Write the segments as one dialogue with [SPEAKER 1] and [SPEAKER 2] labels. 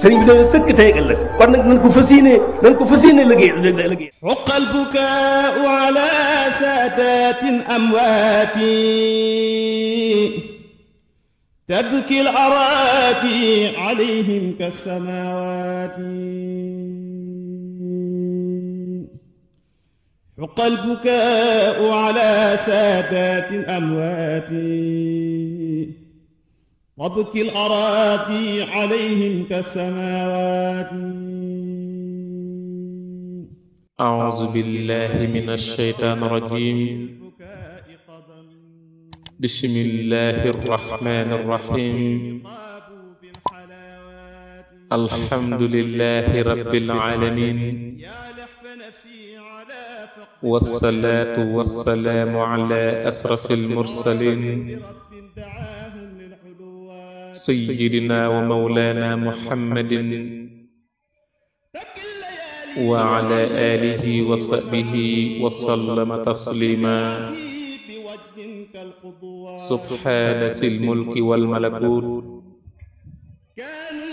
[SPEAKER 1] sëriñ bi dana sëkk tey ak ëllëg kon nag nañ ko fas yéene nañ ko fas yéene liggéey liggéey uqal bukaau ala saadatin amwaati tabki al araati alayhim kasamawaati حق البكاء على سادات أمواتي وابكي الأراضي عليهم كالسماوات
[SPEAKER 2] أعوذ بالله من الشيطان الرجيم بسم الله الرحمن الرحيم الحمد لله رب العالمين والصلاة والسلام على أسرف المرسلين sayyidina wa mawlaana muhammadin wa ala aalihi wa sahbihi wa sallama tasliima subhaana sil mulki wal malakuut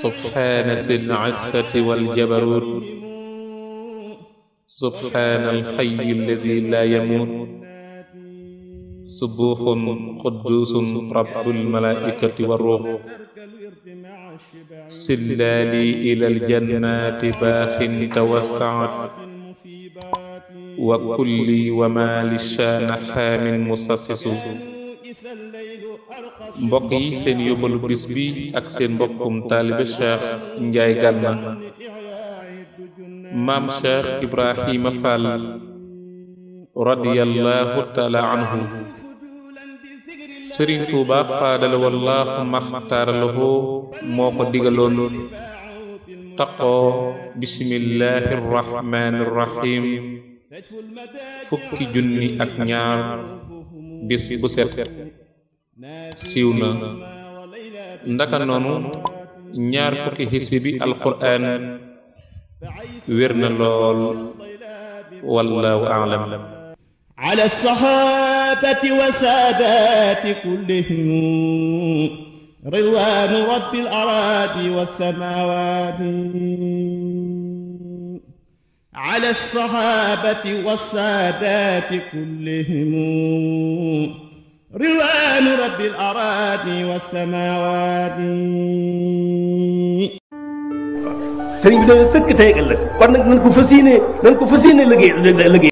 [SPEAKER 2] subhaana sil izzati wal jabaruut subhaana al hayyi allazi laa yamuut subuuxun qudduusun rabbul malaaikati wa ruux sillaali ilal jannaati baaxin tawassaat wa kulli wa li shaana xaamin musassisu mbokk yi seen yóbbalu bi ak seen mbokkum taalibe Cheikh Njaay Gànna maam Cheikh Ibrahima Fall radiyallahu taala anhu tuuba xaadala wallaahu maxtaaralahu moo ko digaloon taqoo bismillahi rrahmani rrahim fukki junni ak ñaar bis bu set na ndaka noonu ñaar fukki xisibi alquraan wér na lool wallaahu aalam
[SPEAKER 1] على الصحابة وسادات كلهم رضوان رب الأراضي والسماوات على الصحابة والسادات كلهم رضوان رب الأراضي والسماوات sëriñ bi de sëkk tey ëllëg kon nag nañ ko fas yéene nañ ko fas yéene liggéey liggéey